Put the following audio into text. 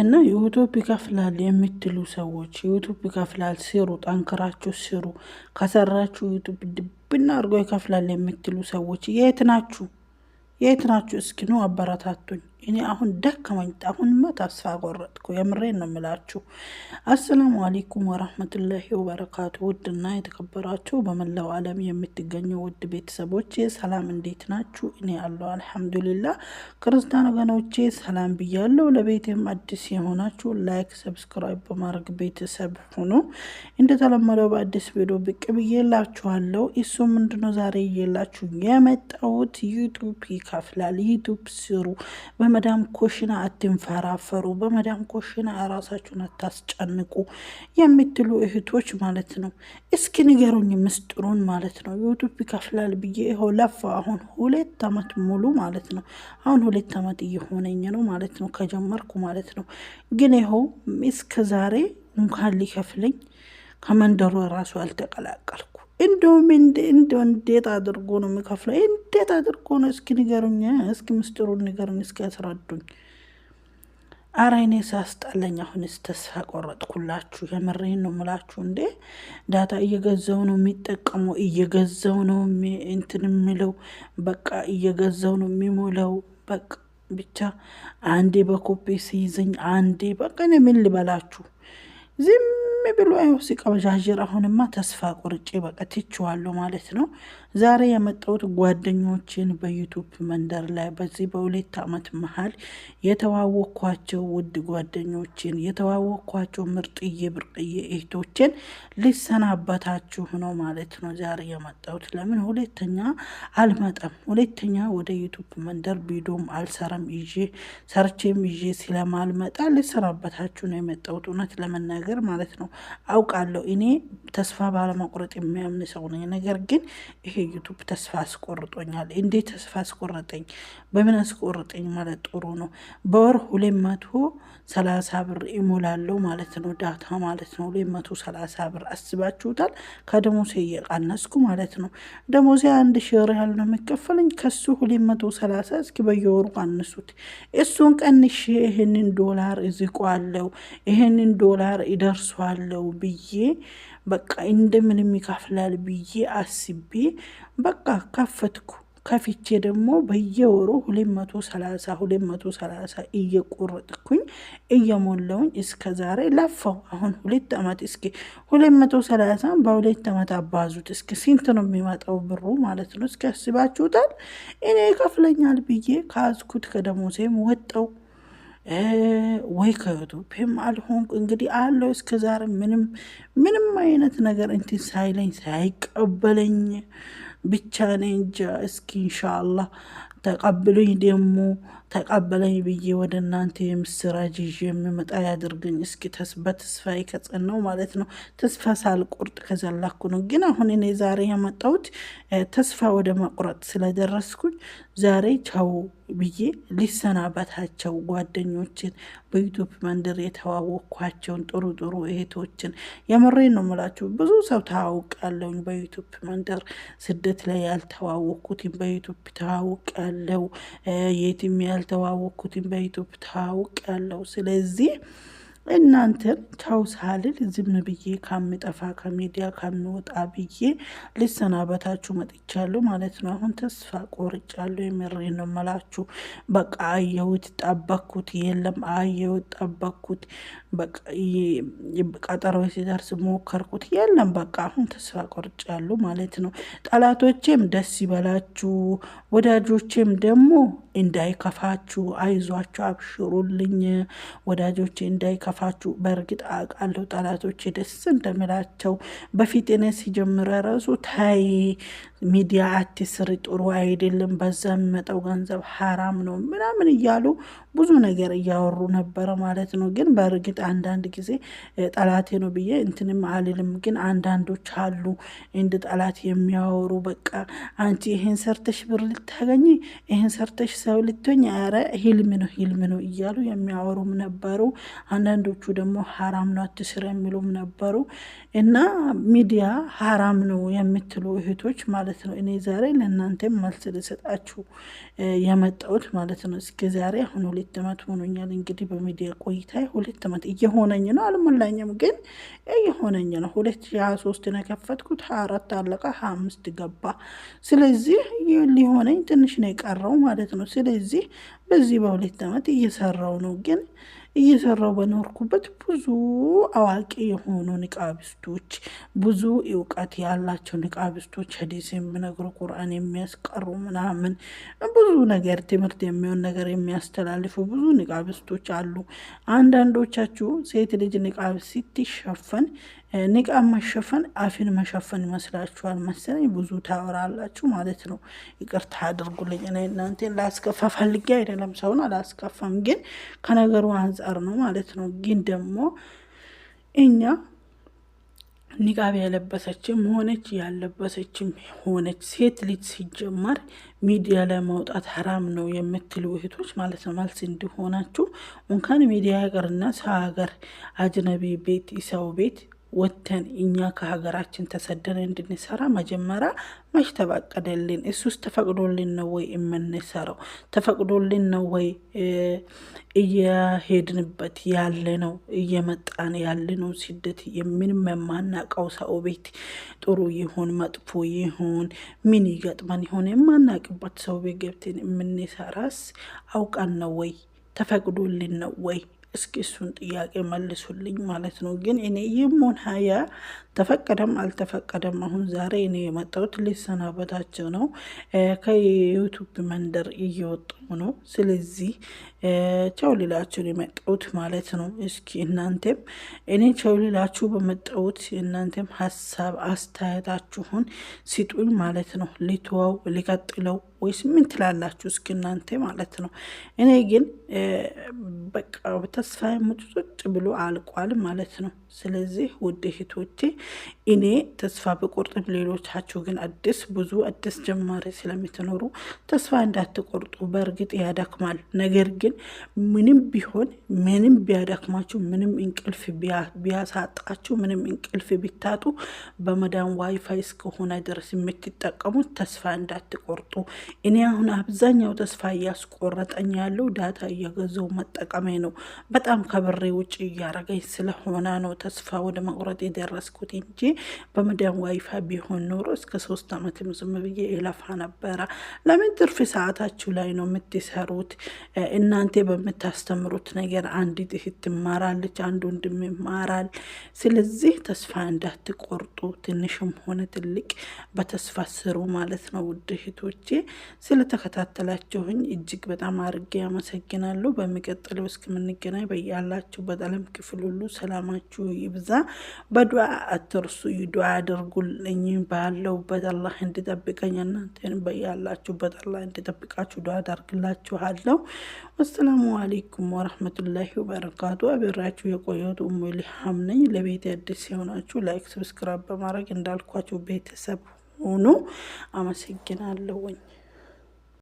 እና ዩቱብ ይከፍላል የምትሉ ሰዎች ዩቱብ ይከፍላል ስሩ፣ ጠንክራችሁ ስሩ። ከሰራችሁ ዩቱብ ድብና አድርጎ ይከፍላል የምትሉ ሰዎች የት ናችሁ? የት ናችሁ? እስኪ ኑ አበረታቱኝ። እኔ አሁን ደከመኝ። አሁንማ ተስፋ ቆረጥኩ። የምሬን ነው የምላችሁ። አሰላሙ አሌይኩም ወረህመቱላሂ ወበረካቱ። ውድና የተከበራችሁ በመላው ዓለም የምትገኙ ውድ ቤተሰቦቼ ሰላም፣ እንዴት ናችሁ? እኔ አለሁ አልሐምዱሊላ። ክርስቲያን ወገኖቼ ሰላም ብያለሁ። ለቤትም አዲስ የሆናችሁ ላይክ፣ ሰብስክራይብ በማድረግ ቤተሰብ ሁኑ። እንደተለመደው በአዲስ ቪዲዮ ብቅ ብዬላችኋለሁ። እሱ ምንድነው ዛሬ እየላችሁ የመጣሁት ዩቱብ ይከፍላል። ዩቱብ ስሩ። በመዳም ኮሽና አትንፈራፈሩ። በመዳም ኮሽና ራሳችሁን አታስጨንቁ የምትሉ እህቶች ማለት ነው። እስኪ ንገሩኝ ምስጥሩን ማለት ነው። ዩቱብ ይከፍላል ብዬ ይኸው ለፋ አሁን ሁለት አመት ሙሉ ማለት ነው። አሁን ሁለት አመት እየሆነኝ ነው ማለት ነው ከጀመርኩ ማለት ነው። ግን ይኸው እስከ ዛሬ እንኳን ሊከፍለኝ ከመንደሩ ራሱ አልተቀላቀልኩ እንደውም እንደው እንዴት አድርጎ ነው የሚከፍለው? እንዴት አድርጎ ነው? እስኪ ንገሩኝ፣ እስኪ ምስጢሩን ንገሩኝ፣ እስኪ ያስረዱኝ። አረ እኔ ሳስጣለኝ፣ አሁንስ ተስፋ ቆረጥኩላችሁ። የምሬን ነው ምላችሁ። እንዴ ዳታ እየገዛው ነው የሚጠቀመው፣ እየገዛው ነው እንትን የሚለው፣ በቃ እየገዛው ነው የሚሞለው። በቃ ብቻ አንዴ በኮፔ ሲይዘኝ፣ አንዴ በቃ እኔ ምን ልበላችሁ ዝም ብሎ ያው ሲቀበዣዥር፣ አሁንማ ተስፋ ቆርጬ በቃ ትቼዋለሁ ማለት ነው። ዛሬ የመጣሁት ጓደኞችን በዩቱብ መንደር ላይ በዚህ በሁለት ዓመት መሀል የተዋወቅኳቸው ውድ ጓደኞችን የተዋወቅኳቸው ምርጥዬ ብርቅዬ እህቶችን ልሰናበታችሁ ነው ማለት ነው። ዛሬ የመጣሁት ለምን ሁለተኛ አልመጣም። ሁለተኛ ወደ ዩቱብ መንደር ቢዶም አልሰረም ይዤ ሰርቼም ይዤ ስለማልመጣ ልሰናበታችሁ ነው የመጣሁት እውነት ለመናገር ነገር ማለት ነው። አውቃለሁ እኔ ተስፋ ባለመቁረጥ የሚያምን ሰው ነኝ። ነገር ግን ይሄ ዩቱብ ተስፋ አስቆርጦኛል። እንዴት ተስፋ አስቆረጠኝ? በምን አስቆርጠኝ ማለት ጥሩ ነው። በወር ሁለት መቶ ሰላሳ ብር ይሞላለው ማለት ነው። ዳታ ማለት ነው። ሁለት መቶ ሰላሳ ብር አስባችሁታል። ከደሞሴ እየቀነስኩ ማለት ነው። ደሞሴ አንድ ሺህ ሪያል ነው የሚከፈለኝ። ከሱ ሁለት መቶ ሰላሳ እስኪ በየወሩ ቀንሱት። እሱን ቀንሽ ይህንን ዶላር እዚቋለው ይህንን ዶላር ይደርሷለው ብዬ በቃ እንደምንም ይከፍላል ብዬ አስቤ በቃ ከፈትኩ። ከፊቼ ደግሞ በየወሩ ሁለት መቶ ሰላሳ ሁለት መቶ ሰላሳ እየቆረጥኩኝ እየሞላውኝ እስከ ዛሬ ለፋው። አሁን ሁለት ዓመት እስኪ ሁለት መቶ ሰላሳ በሁለት ዓመት አባዙት እስኪ ስንት ነው የሚመጣው ብሩ ማለት ነው። እስኪ ያስባችሁታል። እኔ ይከፍለኛል ብዬ ከአዝኩት ከደሞሴም ወጣው። ወይ ከእህቱ ፔም አልሆንኩ እንግዲህ አለው እስከዛሬ ምንም ምንም አይነት ነገር እንትን ሳይለኝ ሳይቀበለኝ ብቻ ነ እንጃ። እስኪ እንሻላ ተቀብሉኝ ደግሞ ተቀበለኝ ብዬ ወደ እናንተ የምስራች ይዤ የምመጣ ያድርገኝ። እስኪ ተስበት ተስፋ ከጸናው ማለት ነው። ተስፋ ሳልቆርጥ ከዘላኩ ነው። ግን አሁን እኔ ዛሬ የመጣሁት ተስፋ ወደ መቁረጥ ስለደረስኩኝ ዛሬ ቻው ብዬ ሊሰናበታቸው ጓደኞችን በዩቱብ መንደር የተዋወቅኳቸውን ጥሩ ጥሩ እህቶችን የምሬ ነው የምላችሁ። ብዙ ሰው ተዋውቅ ያለውኝ በዩቱብ መንደር ስደት ላይ ያልተዋወቅኩትን በዩቱብ ተዋውቅ ያለ አለው የትም ያልተዋወቅኩትን ታውቅ ያለው ስለዚህ እናንተም ተው ሳልል ዝም ብዬ ከምጠፋ ከሚዲያ ከምወጣ ብዬ ልሰናበታችሁ መጥቻለሁ ማለት ነው። አሁን ተስፋ ቆርጫለሁ። የምሬ ነው መላችሁ። በቃ አየሁት፣ ጠበኩት፣ የለም አየሁት፣ ጠበኩት፣ ቀጠሮ ሲደርስ ሞከርኩት፣ የለም በቃ አሁን ተስፋ ቆርጫለሁ ማለት ነው። ጠላቶቼም ደስ ይበላችሁ፣ ወዳጆቼም ደግሞ እንዳይከፋችሁ፣ አይዟችሁ፣ አብሽሩልኝ ወዳጆቼ እንዳይከፋ እንዳይከፋችሁ። በእርግጥ አውቃለሁ ጠላቶች ደስ እንደሚላቸው በፊት እኔ ሲጀምረ ረሱ ታይ ሚዲያ አትስሪ፣ ጥሩ አይደለም፣ በዛ የሚመጣው ገንዘብ ሀራም ነው ምናምን እያሉ ብዙ ነገር እያወሩ ነበረ ማለት ነው። ግን በእርግጥ አንዳንድ ጊዜ ጠላቴ ነው ብዬ እንትንም አልልም። ግን አንዳንዶች አሉ እንድ ጠላት የሚያወሩ በቃ አንቺ ይህን ሰርተሽ ብር ልታገኝ፣ ይህን ሰርተሽ ሰው ልትሆኝ፣ ኧረ ሂልም ነው ሂልም ነው እያሉ የሚያወሩም ነበሩ አንዳንዱ አንዳንዶቹ ደግሞ ሀራም ነው አትስር የሚሉም ነበሩ። እና ሚዲያ ሀራም ነው የምትሉ እህቶች ማለት ነው እኔ ዛሬ ለእናንተ መልስ ልሰጣችሁ የመጣሁት ማለት ነው። እስከ ዛሬ አሁን ሁለት ዓመት ሆኖኛል እንግዲህ በሚዲያ ቆይታ ሁለት ዓመት እየሆነኝ ነው። አልሞላኝም ግን እየሆነኝ ነው። ሁለት ሺ ሀያ ሶስት ነው የከፈትኩት ሀያ አራት አለቀ ሀያ አምስት ገባ። ስለዚህ ሊሆነኝ ትንሽ ነው የቀረው ማለት ነው። ስለዚህ በዚህ በሁለት ዓመት እየሰራው ነው ግን እየሰራው በኖርኩበት ብዙ አዋቂ የሆኑ ንቃብስቶች፣ ብዙ እውቀት ያላቸው ንቃብስቶች ሀዲስ የሚነግሩ ቁርአን የሚያስቀሩ ምናምን ብዙ ነገር ትምህርት የሚሆን ነገር የሚያስተላልፉ ብዙ ንቃብስቶች አሉ። አንዳንዶቻችሁ ሴት ልጅ ንቃብ ስትሸፈን ንቃብ መሸፈን አፍን መሸፈን ይመስላችኋል መሰለኝ። ብዙ ታወራላችሁ ማለት ነው። ይቅርታ አድርጉልኝ። እኔ እናንተን ላስከፋ ፈልጌ አይደለም፣ ሰውን አላስከፋም። ግን ከነገሩ አንጻ አንጻር ነው ማለት ነው። ግን ደግሞ እኛ ኒቃብ ያለበሰችም ሆነች ያለበሰችም ሆነች ሴት ልጅ ሲጀመር ሚዲያ ላይ መውጣት ሀራም ነው የምትሉ እህቶች ማለት ነው ማለት እንዲሆናችሁ እንኳን ሚዲያ ሀገርና ሰ ሀገር አጅነቢ ቤት ሰው ቤት ወተን እኛ ከሀገራችን ተሰደን እንድንሰራ መጀመሪያ መች ተፈቀደልን? እሱስ ተፈቅዶልን ነው ወይ የምንሰራው? ተፈቅዶልን ነው ወይ እየሄድንበት ያለ ነው እየመጣን ያለ ነው? ስደት የምንም የማናቀው ሰው ቤት ጥሩ ይሁን መጥፎ ይሁን ምን ይገጥመን ይሆን የማናቅበት ሰው ቤት ገብተን የምንሰራስ አውቃን ነው ወይ? ተፈቅዶልን ነው ወይ? እስኪ እሱን ጥያቄ መልሱልኝ ማለት ነው። ግን እኔ ይሙን ሀያ ተፈቀደም አልተፈቀደም አሁን ዛሬ እኔ የመጣሁት ሊሰናበታቸው ነው። ከዩቱብ መንደር እየወጡ ነው። ስለዚህ ቸው ሌላቸውን የመጣሁት ማለት ነው። እስኪ እናንተም እኔ ቸው ሌላችሁ በመጣሁት እናንተም ሀሳብ አስተያየታችሁን ሲጡኝ ማለት ነው። ሊተዋው ሊቀጥለው ወይስ ምን ትላላችሁ? እስኪ እናንተ ማለት ነው። እኔ ግን በቃ ተስፋ ሙጭጭ ብሎ አልቋል ማለት ነው። ስለዚህ ውድ እህቶቼ እኔ ተስፋ ብቆርጥም፣ ሌሎቻችሁ ግን አዲስ ብዙ አዲስ ጀማሪ ስለምትኖሩ ተስፋ እንዳትቆርጡ። በእርግጥ ያዳክማል። ነገር ግን ምንም ቢሆን ምንም ቢያዳክማችሁ፣ ምንም እንቅልፍ ቢያሳጣችሁ፣ ምንም እንቅልፍ ቢታጡ በመዳን ዋይፋይ እስከሆነ ድረስ የምትጠቀሙት ተስፋ እንዳትቆርጡ። እኔ አሁን አብዛኛው ተስፋ እያስቆረጠኝ ያለው ዳታ እየገዛው መጠቀሜ ነው። በጣም ከብሬ ውጭ እያረገኝ ስለሆነ ነው ተስፋ ወደ መቁረጥ የደረስኩት እንጂ በመዳን ዋይፋ ቢሆን ኖሮ እስከ ሶስት አመትም ዝም ብዬ ይለፋ ነበረ። ለምን ትርፍ ሰዓታችሁ ላይ ነው የምትሰሩት? እናንተ በምታስተምሩት ነገር አንድ እህት ትማራለች፣ አንድ ወንድም ይማራል። ስለዚህ ተስፋ እንዳትቆርጡ፣ ትንሽም ሆነ ትልቅ በተስፋ ስሩ ማለት ነው ውድ እህቶቼ። ስለተከታተላችሁኝ እጅግ በጣም አርጌ አመሰግናለሁ። በሚቀጥለው እስከምንገናኝ በያላችሁበት ዓለም ክፍል ሁሉ ሰላማችሁ ይብዛ። በዱዓ አትርሱ። ዱዓ አድርጉልኝ። ባለሁበት አላህ እንድጠብቀኝ እናንተን በያላችሁበት አላህ እንድጠብቃችሁ ዱዓ አደርግላችኋለሁ። ወሰላሙ አሌይኩም ወረህመቱላሂ ወበረካቱ። አብራችሁ የቆየሁት ኡሙ ኢልሃም ነኝ። ለቤት አዲስ የሆናችሁ ላይክ፣ ሰብስክራይብ በማድረግ እንዳልኳችሁ ቤተሰብ ሆኖ አመሰግናለሁኝ።